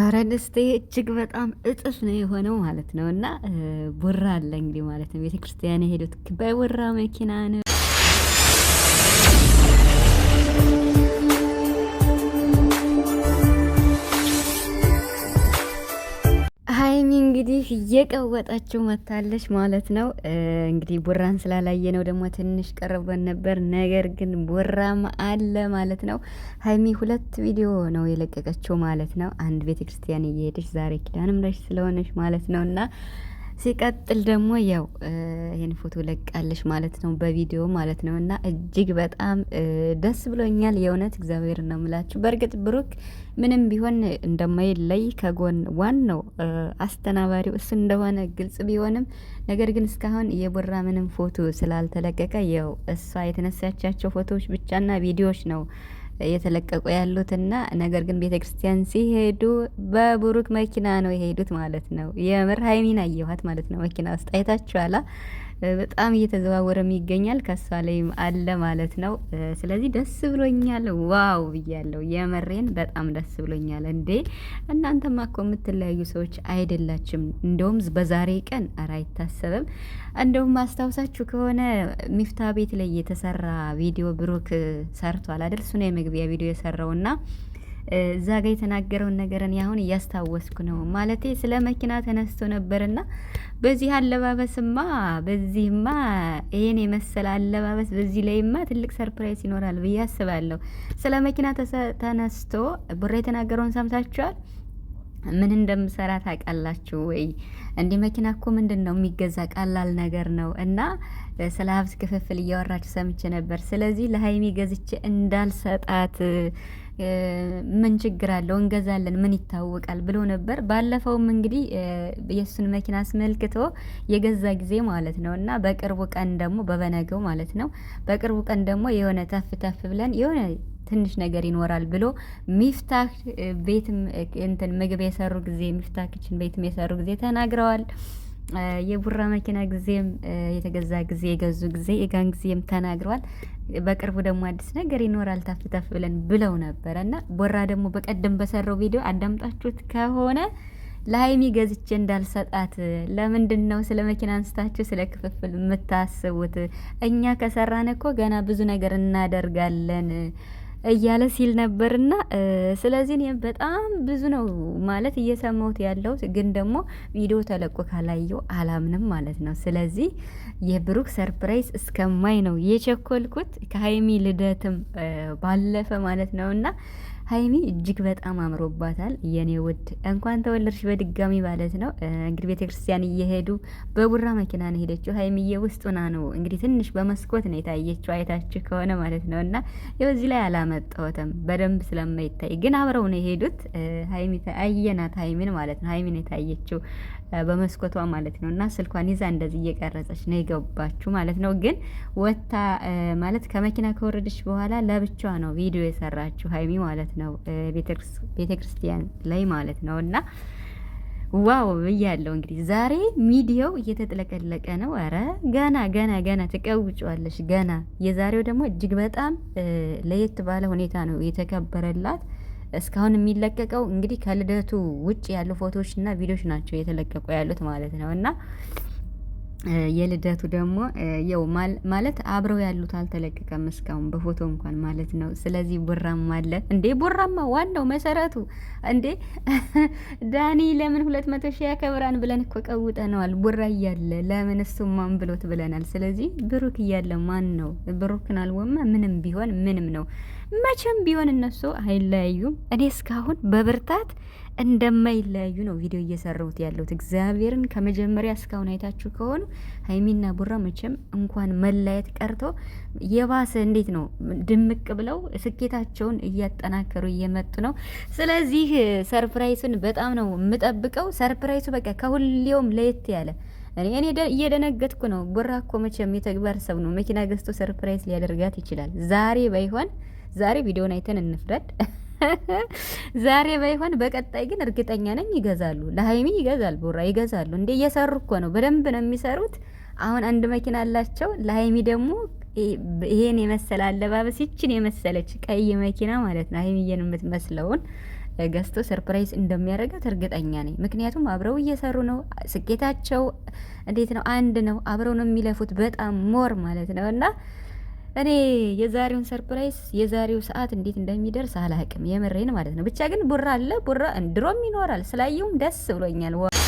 አረ ደስቴ እጅግ በጣም እጥፍ ነው የሆነው ማለት ነው። እና ቡራ አለ እንግዲህ ማለት ነው ቤተክርስቲያን የሄዱት በቡራ መኪና ነው። እየቀወጠችው መታለች ማለት ነው። እንግዲህ ቡራን ስላላየ ነው ደግሞ ትንሽ ቀርበን ነበር። ነገር ግን ቡራም አለ ማለት ነው። ሀይሚ ሁለት ቪዲዮ ነው የለቀቀችው ማለት ነው። አንድ ቤተክርስቲያን እየሄደች ዛሬ ኪዳንም ላሽ ስለሆነች ማለት ነው እና ሲቀጥል ደግሞ ያው ይህን ፎቶ ለቃለች ማለት ነው፣ በቪዲዮ ማለት ነው። እና እጅግ በጣም ደስ ብሎኛል የእውነት እግዚአብሔር ነው ምላችሁ። በእርግጥ ብሩክ ምንም ቢሆን እንደማይለይ ከጎን ዋናው አስተናባሪው እሱ እንደሆነ ግልጽ ቢሆንም፣ ነገር ግን እስካሁን የቦራ ምንም ፎቶ ስላልተለቀቀ ያው እሷ የተነሳቻቸው ፎቶዎች ብቻና ቪዲዮዎች ነው እየተለቀቁ ያሉትና ነገር ግን ቤተ ክርስቲያን ሲሄዱ በብሩክ መኪና ነው የሄዱት ማለት ነው። የምር ሀይሚን አየኋት ማለት ነው መኪና ውስጥ አይታችኋላ። በጣም እየተዘዋወረም ይገኛል። ከሷ ላይም አለ ማለት ነው። ስለዚህ ደስ ብሎኛል፣ ዋው ብያለው። የመሬን በጣም ደስ ብሎኛል። እንዴ እናንተማ እኮ የምትለያዩ ሰዎች አይደላችም። እንደውም በዛሬ ቀን ኧረ አይታሰብም። እንደውም አስታውሳችሁ ከሆነ ሚፍታ ቤት ላይ የተሰራ ቪዲዮ ብሩክ ሰርቷል አይደል? እሱ ነው የመግቢያ ቪዲዮ የሰራውና እዛ ጋ የተናገረውን ነገርን ያሁን እያስታወስኩ ነው። ማለት ስለ መኪና ተነስቶ ነበርና በዚህ አለባበስማ በዚህማ ይሄን የመሰለ አለባበስ በዚህ ላይማ ትልቅ ሰርፕራይዝ ይኖራል ብዬ አስባለሁ። ስለ መኪና ተነስቶ ብሬ የተናገረውን ሰምታችኋል። ምን እንደምሰራ ታውቃላችሁ ወይ? እንዲህ መኪና እኮ ምንድን ነው የሚገዛ ቀላል ነገር ነው እና ስለ ሀብት ክፍፍል እያወራችሁ ሰምቼ ነበር። ስለዚህ ለሀይሚ ገዝቼ እንዳልሰጣት ምን ችግር አለው እንገዛለን፣ ምን ይታወቃል ብሎ ነበር። ባለፈውም እንግዲህ የእሱን መኪና አስመልክቶ የገዛ ጊዜ ማለት ነው እና በቅርቡ ቀን ደግሞ በበነገው ማለት ነው በቅርቡ ቀን ደግሞ የሆነ ተፍ ተፍ ብለን የሆነ ትንሽ ነገር ይኖራል ብሎ ሚፍታህ ቤትም እንትን ምግብ የሰሩ ጊዜ ሚፍታህ ክችን ቤትም የሰሩ ጊዜ ተናግረዋል። የቡራ መኪና ጊዜም የተገዛ ጊዜ የገዙ ጊዜ የጋን ጊዜም ተናግረዋል። በቅርቡ ደግሞ አዲስ ነገር ይኖራል ታፍ ብለን ብለው ነበረ እና ቦራ ደግሞ በቀደም በሰራው ቪዲዮ አዳምጣችሁት ከሆነ ለሀይሚ ገዝቼ እንዳልሰጣት ለምንድን ነው ስለ መኪና አንስታችሁ ስለ ክፍፍል የምታስቡት? እኛ ከሰራን እኮ ገና ብዙ ነገር እናደርጋለን እያለ ሲል ነበርና ስለዚህ እኔም በጣም ብዙ ነው ማለት እየሰማሁት ያለው ግን ደግሞ ቪዲዮ ተለቆ ካላየው አላምንም ማለት ነው። ስለዚህ የብሩክ ሰርፕራይዝ እስከማይ ነው የቸኮልኩት ከሀይሚ ልደትም ባለፈ ማለት ነውና ሀይሚ እጅግ በጣም አምሮባታል። የኔ ውድ እንኳን ተወለድሽ በድጋሚ ማለት ነው። እንግዲህ ቤተ ክርስቲያን እየሄዱ በቡራ መኪና ነው ሄደችው። ሀይሚዬ ውስጥ ሆና ነው እንግዲህ ትንሽ በመስኮት ነው የታየችው፣ አይታችሁ ከሆነ ማለት ነው። እና ይኸው ላይ አላመጣሁትም በደንብ ስለማይታይ ግን አብረው ነው የሄዱት። ሀይሚ አየናት፣ ሀይሚን ማለት ነው። ሀይሚን የታየችው በመስኮቷ ማለት ነው። እና ስልኳን ይዛ እንደዚህ እየቀረጸች ነው የገባችሁ ማለት ነው። ግን ወታ ማለት ከመኪና ከወረደች በኋላ ለብቻዋ ነው ቪዲዮ የሰራችሁ ሀይሚ ማለት ነው። ነው ቤተ ክርስቲያን ላይ ማለት ነው እና ዋው ብያለሁ። እንግዲህ ዛሬ ሚዲያው እየተጥለቀለቀ ነው። ኧረ ገና ገና ገና ትቀውጫለሽ ገና። የዛሬው ደግሞ እጅግ በጣም ለየት ባለ ሁኔታ ነው የተከበረላት። እስካሁን የሚለቀቀው እንግዲህ ከልደቱ ውጭ ያሉ እና ቪዲዮዎች ናቸው የተለቀቁ ያሉት ማለት ነው እና የልደቱ ደግሞ ያው ማለት አብረው ያሉት አልተለቀቀም እስካሁን በፎቶ እንኳን ማለት ነው። ስለዚህ ቡራማ አለ እንዴ ቡራማ ዋናው መሰረቱ እንዴ ዳኒ ለምን ሁለት መቶ ሺህ ያከብራን ብለን እኮ ቀውጠነዋል። ቡራ እያለ ለምን እሱ ማን ብሎት ብለናል። ስለዚህ ብሩክ እያለ ማን ነው ብሩክን አልወማ ምንም ቢሆን ምንም ነው። መቼም ቢሆን እነሱ አይለያዩም። እኔ እስካሁን በብርታት እንደማይለያዩ ነው ቪዲዮ እየሰራሁት ያለሁት። እግዚአብሔርን ከመጀመሪያ እስካሁን አይታችሁ ከሆኑ ሀይሚና ቡራ መቼም እንኳን መለያየት ቀርቶ የባሰ እንዴት ነው ድምቅ ብለው ስኬታቸውን እያጠናከሩ እየመጡ ነው። ስለዚህ ሰርፕራይሱን በጣም ነው የምጠብቀው። ሰርፕራይሱ በቃ ከሁሌውም ለየት ያለ እኔ እየደነገጥኩ ነው። ቡራ እኮ መቼም የተግባር ሰው ነው። መኪና ገዝቶ ሰርፕራይዝ ሊያደርጋት ይችላል። ዛሬ ባይሆን ዛሬ ቪዲዮን አይተን እንፍረድ። ዛሬ ባይሆን በቀጣይ ግን እርግጠኛ ነኝ ይገዛሉ። ለሀይሚ ይገዛል፣ ቡራ ይገዛሉ። እንዴ እየሰሩ እኮ ነው፣ በደንብ ነው የሚሰሩት። አሁን አንድ መኪና አላቸው። ለሀይሚ ደግሞ ይሄን የመሰለ አለባበስ፣ ይችን የመሰለች ቀይ መኪና ማለት ነው ሀይሚዬን የምትመስለውን ገዝቶ ሰርፕራይዝ እንደሚያደርጋት እርግጠኛ ነኝ። ምክንያቱም አብረው እየሰሩ ነው። ስኬታቸው እንዴት ነው? አንድ ነው። አብረው ነው የሚለፉት በጣም ሞር ማለት ነው እና እኔ የዛሬውን ሰርፕራይዝ የዛሬው ሰዓት እንዴት እንደሚደርስ አላቅም፣ የምሬን ማለት ነው። ብቻ ግን ቡራ አለ ቡራ እንድሮም ይኖራል። ስላየውም ደስ ብሎኛል።